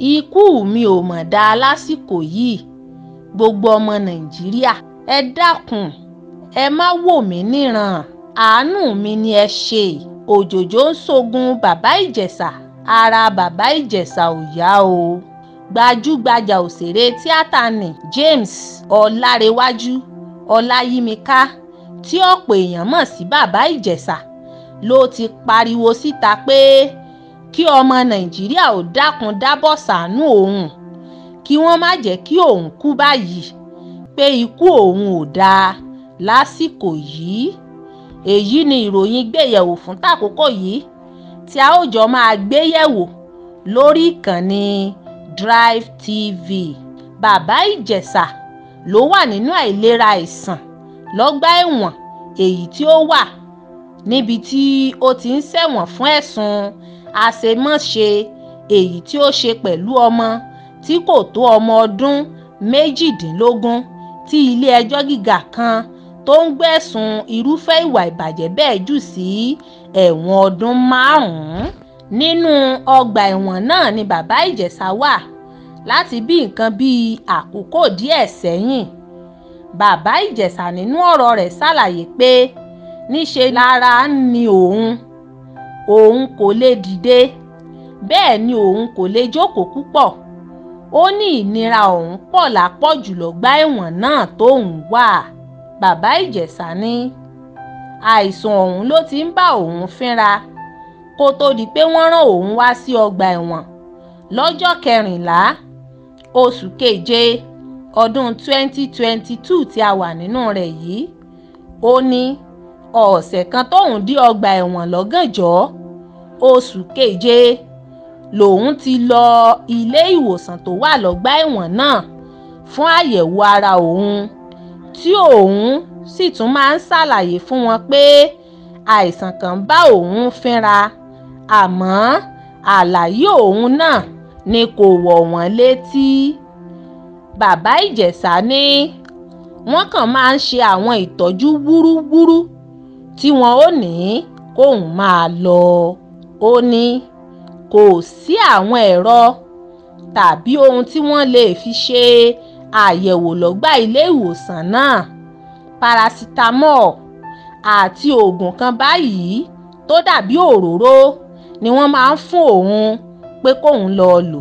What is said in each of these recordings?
ikú mi ò mọ̀ dáa lásìkò yìí gbogbo ọmọ nàìjíríà ẹ dákun ẹ má wò mí níran àánú mi ni ẹ ṣe òjòjò ń sogun bàbá ìjẹ̀ṣà ara bàbá ìjẹ̀ṣà ò yá o gbajúgbajà òṣèré tíátà ni James ọlárẹ̀wájú ọláyímíká tí ọ̀pọ̀ èèyàn mọ̀ sí bàbá ìjẹ̀ṣà ló ti pariwo síta pé kí ọmọ nàìjíríà ò dákun dábọ̀ ṣàánú òun kí wọ́n má jẹ́ kí òun kú báyìí pé ikú òun ò dáa lásìkò yìí èyí ni ìròyìn gbéyẹ̀wò fún tàkókò yìí tí a ó jọ máa gbéyẹ̀wò lórí ìkànnì Drive TV bàbá ìjẹ̀ṣà ló wà nínú àìlera àìsàn lọ́gbà ẹ̀wọ̀n èyí tí ó wà níbi tí ó ti ń ṣẹ̀wọ̀n fún ẹ̀sùn àṣemáṣe èyí tí ó ṣe pẹ̀lú ọmọ tí kò tó ọmọ ọdún méjìdínlógún tí ilé-ẹjọ́ gíga kan tó ń gbẹ̀sùn irúfẹ́ ìwà ìbàjẹ́ bẹ́ẹ̀ jù sí ẹ̀wọ̀n ọdún márùn-ún nínú ọgbà ẹ̀wọ̀n náà ni bàbá ìjẹ̀ṣà wà láti bí nǹkan bíi àkókò díẹ̀ sẹ́yìn bàbá ìjẹ̀ṣà nínú ọ̀rọ̀ rẹ̀ ṣàlàyé pé níṣe lára ń ni òun òun kò lè dìde bẹ́ẹ̀ ni òun kò lè jókòó púpọ̀ ó ní ìnira òun pọ̀ lápọ̀jù lọ́gbà ẹ̀wọ̀n náà tóun wà bàbá ìjẹ̀ṣà ní àìsàn ọ̀hún ló ti ń bá òun fínra kó tó di pé wọ́n rán òun wá sí ọgbà ẹ̀wọ̀n lọ́jọ́ kẹrìnlá oṣù keje ọdún 2022 tí a wà nínú rẹ̀ yìí ó ní ọ̀sẹ̀ kan tóun dé ọgbà ẹ̀wọ̀n lọ́gànjọ́ oṣù keje lòun ti lọ ilé ìwòsàn tó wà lọ́gbà ẹ̀wọ̀n náà fún àyẹ̀wò ara òun tí òun sì tún máa ń ṣàlàyé fún wọn pé àìsàn kan bá òun fínra àmọ́ àlàyé òun náà ni kò wọ̀ wọ́n létí bàbá ìjẹ̀ṣà ni wọ́n kàn máa ń ṣe àwọn ìtọ́jú wúrúwúrú tí wọn ò ní kóun máa lọ ó ní kò sí àwọn ẹ̀rọ tàbí ohun tí wọ́n lè fi ṣe àyẹ̀wò lọ́gbà ilé ìwòsàn náà parasitamọ́ọ̀ àti oògùn kan báyìí tó dàbí òróró ni wọ́n máa ń fún òun pé kóun lọ lò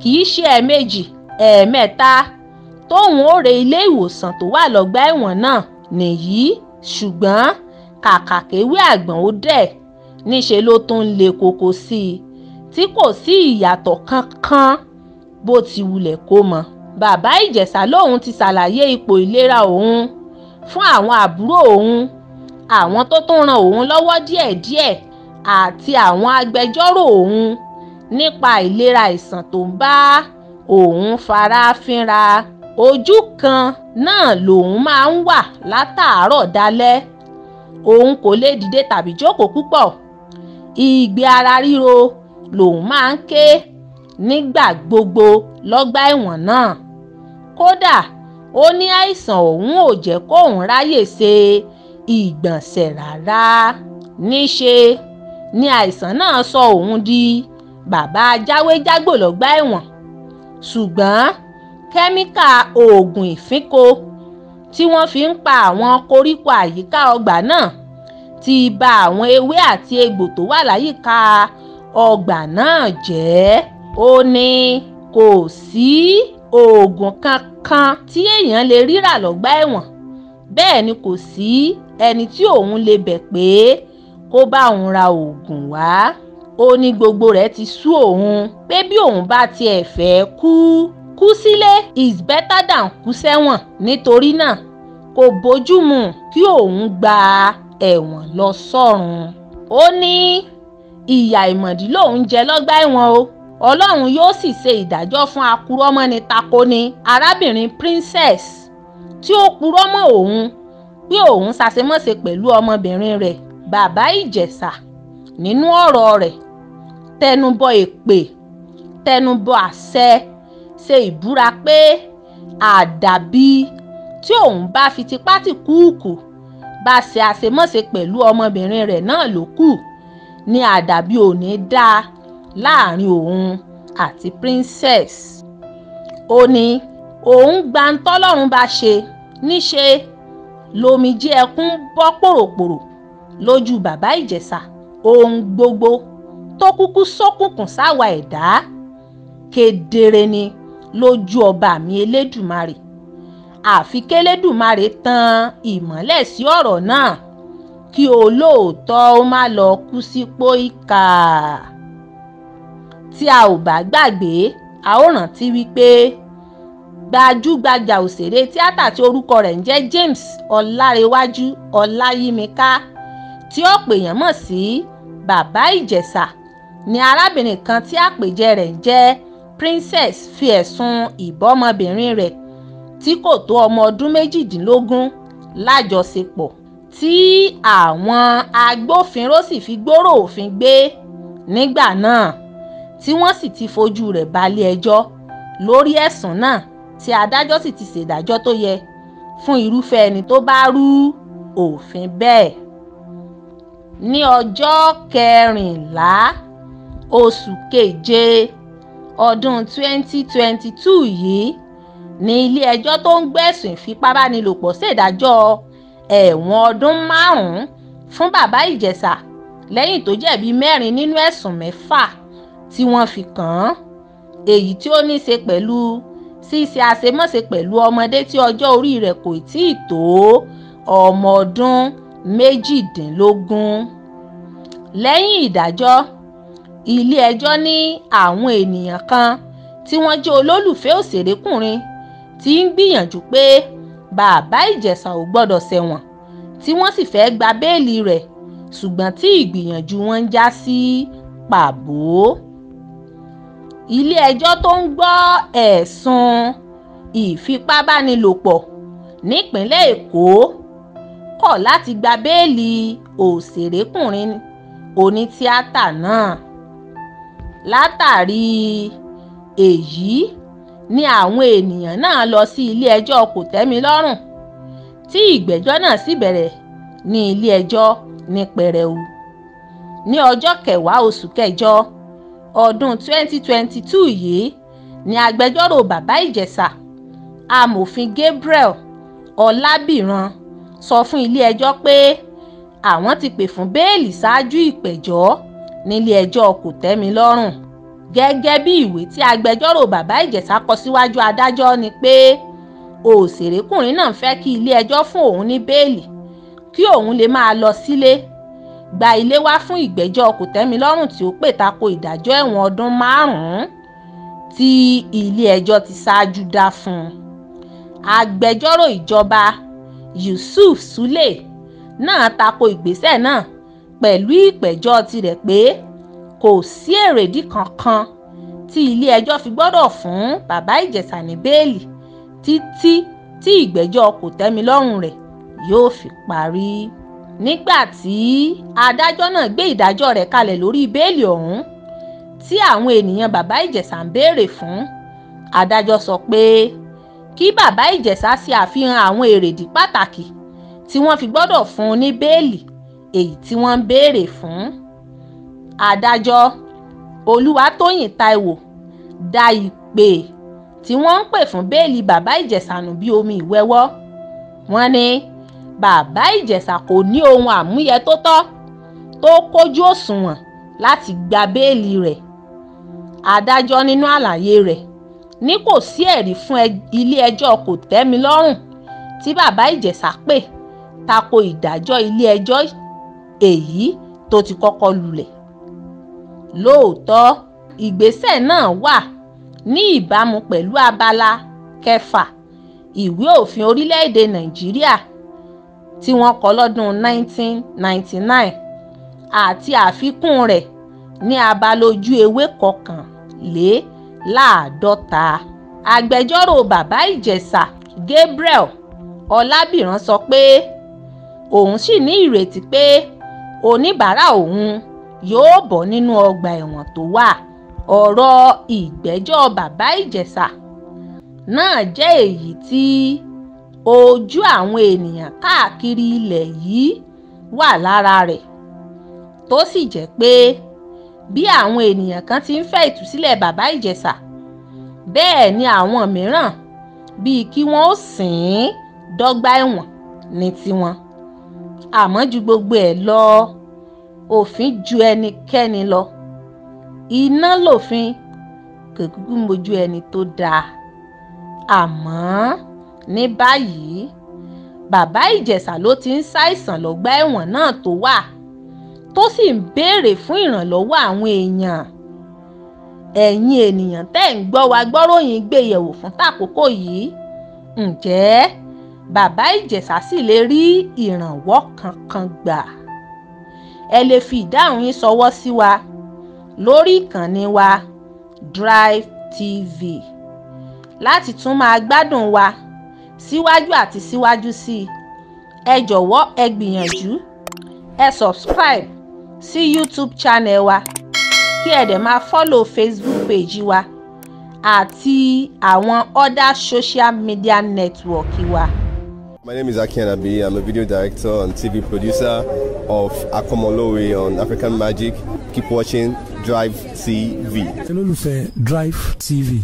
kì ṣe ẹ̀ẹ̀mejì ẹ̀ẹ̀mẹ́ta tóun ó re ilé ìwòsàn tó wà lọ́gbà ẹ̀wọ̀n náà nìyí ṣùgbọ́n kàkà kéwé àgbọ̀n ó dẹ̀ níṣẹ́ ló tún ń le koko sí i tí kò sí ìyàtọ̀ kankan bó ti wulẹ̀ kó mọ. bàbá ìjẹ̀ṣà lòun ti ṣàlàyé ipò ìlera òun fún àwọn àbúrò òun àwọn tó tún ran òun lọ́wọ́ díẹ̀díẹ̀ àti àwọn agbẹjọ́rò òun nípa ìlera àìsàn tó ń bá òun fara fínra ojú kan náà lòun máa ń wà látàárọ̀ dalẹ́ òun kò lè dìde tàbí jókòó púpọ̀ ìgbé ara ríro lòun máa ń ké nígbà gbogbo lọ́gbà ẹ̀wọ̀n náà kódà ó ní àìsàn òun ò jẹ́ kóun ráyè ṣe ìgbọ̀nsẹ̀ rárá níṣe ni àìsàn náà sọ òun di bàbá jáwéjágbò lọ́gbà ẹ̀wọ̀n ṣùgbọ́n kẹ́míkà oògùn ìfínko tí wọ́n fi ń pa àwọn koríko àyíká ọgbà náà ti bà àwọn ewé àti egbò tó wà láyìíká ọgbà náà jẹ́ ó ní kò sí oògùn kankan tí èèyàn lè rírà lọ́gbà ẹ̀wọ̀n bẹ́ẹ̀ ni kò sí ẹni tí òun lè bẹ̀ pé kó bá òun ra oògùn wá ó ní gbogbo rẹ̀ ti sú òun pé bí òun bá tiẹ̀ fẹ́ kú kú sílé is better than kú sẹ́wọ̀n nítorí náà kò bójúmu kí òun gba ẹ̀wọ̀n lọ sọ́run ó ní ìyà ìmọ̀dí lòun jẹ lọ́gbà ẹ̀wọ̀n o ọlọ́run yóò sì ṣe ìdájọ́ fún akúrọ́mọ́ni takoni arábìnrin princess tí ó purọ́ mọ́ òun pé òun ṣàṣemọ́ṣe pẹ̀lú ọmọbìnrin rẹ̀ bàbá ìjẹ̀ṣà nínú ọ̀rọ̀ rẹ̀ tẹnubọ èpè tẹnubọ àṣẹ ṣe ìbúra pé àdàbí tí òun bá fi tipátì kúùkù bá ṣe àṣemọ́ṣe pẹ̀lú ọmọbìnrin rẹ̀ náà ló kù ní àdàbí òní dá láàrin òun àti princess ó ní òun gba ń tọ́lọ́run bá ṣe níṣe lomijé ẹkún bọ́ pòròpòrò lójú bàbá ìjẹ̀ṣà ohun gbogbo tó kúkú sókùnkùn sáwa ẹ̀dá kedere ni lójú ọba mi elédùmarè àfi kélédùmarè tan ìmọ́lẹ̀ sí ọ̀rọ̀ náà kí olóòótọ́ ó má lọ kú sí pọ́ìkà tí a ò bá gbàgbé a ó rántí wípé gbajúgbajà òṣèré tíátà tí orúkọ rẹ̀ ń jẹ́ James Ọlárewájú Ọláyímiká tí ọ̀pọ̀ èèyàn mọ̀ sí Bàbá Ìjẹ̀ṣà ni arábìnrin kan tí àpèjẹ rẹ̀ ń jẹ́ Princess fi ẹ̀sùn ìbọ́mọbìnrin rẹ̀ tí kò tó ọmọ ọdún méjìdínlógún lájọṣepọ̀ tí àwọn agbófinró sì fi gbòòrò òfin gbé nígbà náà tí wọ́n sì ti fojú rẹ̀ balẹ̀-ẹjọ́ lórí ẹ̀sùn náà tí adájọ́ sì ti ṣèdájọ́ tó yẹ fún irúfẹ́ ẹni tó bá rú òfin bẹ́ẹ̀. ní ọjọ́ kẹrìnlá oṣù keje ọdún 2022 yìí ní ilé-ẹjọ́ tó ń gbẹ̀sùn ìfipábánilòpọ̀ ṣèdájọ́ ẹ̀wọ̀n ọdún márùn-ún fún bàbá ìjẹ̀ṣà lẹ́yìn tó jẹ̀bi mẹ́rin nínú ẹ̀sùn mẹ́fà tí wọ́n fi kàn án èyí tí ó ní í ṣe pẹ̀lú ṣíṣe àṣemáṣe pẹ̀lú ọmọdé tí ọjọ́ orí rẹ̀ kò tí ì tó ọmọ ọdún méjìdínlógún lẹ́yìn ìdájọ́ ilé-ẹjọ́ ní àwọn ènìyàn kan tí wọ́n jẹ́ olólùfẹ́ òṣèrékùnrin ti ń gbìyànjú pé bàbá ìjẹ̀ṣà ò gbọ́dọ̀ sẹ̀wọ̀n tí wọ́n sì fẹ́ gba béèlì rẹ̀ ṣùgbọ́n tí ìgbìyànjú wọn ń já sí pàbó. ilé-ẹjọ́ tó ń gbọ́ ẹ̀sùn ìfipábánilòpọ̀ nípínlẹ̀ èkó kọ̀ láti gba béèlì òṣèrékùnrin onítíátà náà látàrí èyí ni àwọn ènìyàn náà lọ sí ilé-ẹjọ́ kòtẹ́milọ́rùn tí ìgbẹ́jọ́ náà sì bẹ̀rẹ̀ ní ilé-ẹjọ́ ní pẹrẹu ní ọjọ́ kẹwàá oṣù kẹjọ ọdún 2022 yìí ni agbẹjọ́rò bàbá ìjẹ̀ṣà amòfin Gabriel ọlábìran sọ fún ilé-ẹjọ́ pé àwọn ti pè fún bẹ́ẹ̀lì ṣáájú ìpẹ̀jọ́ nílé-ẹjọ́ kòtẹ́milọ́rùn gẹ́gẹ́ bí ìwé tí agbẹjọ́rò bàbá ìjẹ̀sà kọ síwájú adájọ́ ni pé òṣèrékùnrin náà fẹ́ kí ilé-ẹjọ́ fún òun ní bẹ́ẹ̀lì kí òun lè máa lọ sílé gba ilé wá fún ìgbẹ́jọ́ kòtẹ́milọ́rùn tí ó pè tako ìdájọ́ ẹ̀wọ̀n ọdún márùn-ún tí ilé-ẹjọ́ ti ṣáájú dá fún un agbẹjọ́rò ìjọba Yusuf Sule náà tako ìgbésẹ̀ náà pẹ̀lú ìpẹ̀jọ́ tirẹ̀ pé kò sí èrèdí kankan tí ilé-ẹjọ́ fi gbọ́dọ̀ fún bàbá ìjẹ̀ṣà ní bẹ́ẹ̀lì títí tí ìgbẹ́jọ́ kòtẹ́milọ́rùn rẹ̀ yóò fi parí. nígbà tí adájọ́ náà gbé ìdájọ́ rẹ̀ kalẹ̀ lórí bẹ́ẹ̀lì ọ̀hún tí àwọn ènìyàn bàbá ìjẹ̀ṣà ń béèrè fún adájọ́ sọ pé kí bàbá ìjẹ̀ṣà ṣe àfihàn àwọn èrèdí pàtàkì tí wọ́n fi gbọ́dọ̀ fún un ní bẹ́ẹ̀lì èyí tí wọ́n ń béèrè fún adájọ́ olùwàtòyìn taiwo da ìpè tí wọ́n ń pè fún bẹ́ẹ̀lì bàbá ìjẹ̀ṣà nù bíi omi ìwẹ́wọ́ wọ́n ní bàbá ìjẹ̀ṣà kò ní ohun àmúyẹ tó tọ́ tó kójú òṣùwọ̀n láti gba bẹ́ẹ̀lì rẹ̀ adájọ́ nínú àlàyé rẹ̀ ní kò sí ẹ̀rí fún ilé-ẹjọ́ kò tẹ́mi lọ́rùn tí bàbá ìjẹ̀ṣà pè tako ìdájọ́ ilé-ẹjọ́ èyí tó ti kọ́kọ́ lulẹ̀ lóòótọ́ ìgbésẹ̀ náà wà ní ìbámu pẹ̀lú abala kẹfà ìwé òfin orílẹ̀-èdè nàìjíríà tí wọ́n kọ lọ́dún 1999 àti àfikún rẹ̀ ní abala ojú ewé kọkànléláàádọ́ta agbẹjọ́rò bàbá ìjẹ̀ṣà gabriel ọlábìrán sọ pé òun sì ní ìrètí pé oníbàárà òun yóò bọ́ nínú ọgbà ẹ̀wọ̀n tó wà ọ̀rọ̀ ìgbẹ́jọ́ bàbá ìjẹ̀ṣà náà jẹ́ èyí tí ojú àwọn ènìyàn káàkiri ilẹ̀ yìí wà lára rẹ̀ tó sì jẹ́ pé bí àwọn ènìyàn kan ti ń fẹ́ ìtúsílẹ̀ bàbá ìjẹ̀ṣà bẹ́ẹ̀ ni àwọn mìíràn bíi kí wọ́n ó sìn ín dọ́gba ẹ̀wọ̀n ní tiwọn àmọ́ ju gbogbo ẹ̀ lọ òfin ju ẹnikẹ́ni lọ iná lòfin kò kúkú mojú ẹni tó dáa àmọ́ ní báyìí bàbá ìjẹ̀ṣà ló ti ń ṣàìsàn lọ́gbà ẹ̀wọ̀n náà tó wà tó sì ń béèrè fún ìrànlọ́wọ́ àwọn èèyàn ẹ̀yin ènìyàn tẹ́ ń gbọ́ wa gbọ́ròyìn gbéyẹ̀wò fún tàkókò yìí ǹjẹ́ bàbá ìjẹ̀ṣà sì lè rí ìrànwọ́ kankan gbà ẹ lè fi ìdáhùn yín ṣọwọ́ sí wa lórí ìkànnì wa Drive TV láti tún máa gbádùn wa síwájú àti síwájú sí i ẹ jọ̀wọ́ ẹ gbìyànjú ẹ subscribe sí YouTube channel wa kí ẹ dẹ̀ máa follow Facebook page wa àti àwọn other social media network wa. My name is Aki Anabi. I'm a video director and TV producer of Akomolowe on African Magic. Keep watching Drive TV. olólùfẹ́ Drive TV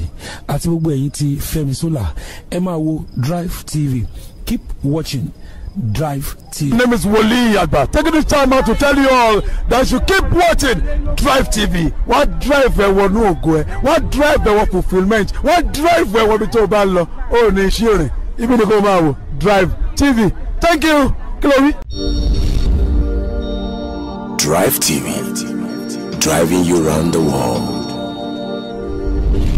àti gbogbo ẹ̀yin ti Fẹ́mi Sola ẹ máa wo Drive TV keep watching Drive TV. My name is Wole Agba. Taking this time out to tell you all that you keep watching Drive TV. Wọ́n drive ẹ̀wọ̀ ní ògo ẹ̀, wọ́n drive ẹ̀wọ̀ fulfilment, wọ́n drive ẹ̀wọ̀ bí tó o bá lọ, ó ní iṣẹ́ òrìn, ibi ni kò máa wò Drive TV. Thank you, Chloe. Drive TV, driving you around the world.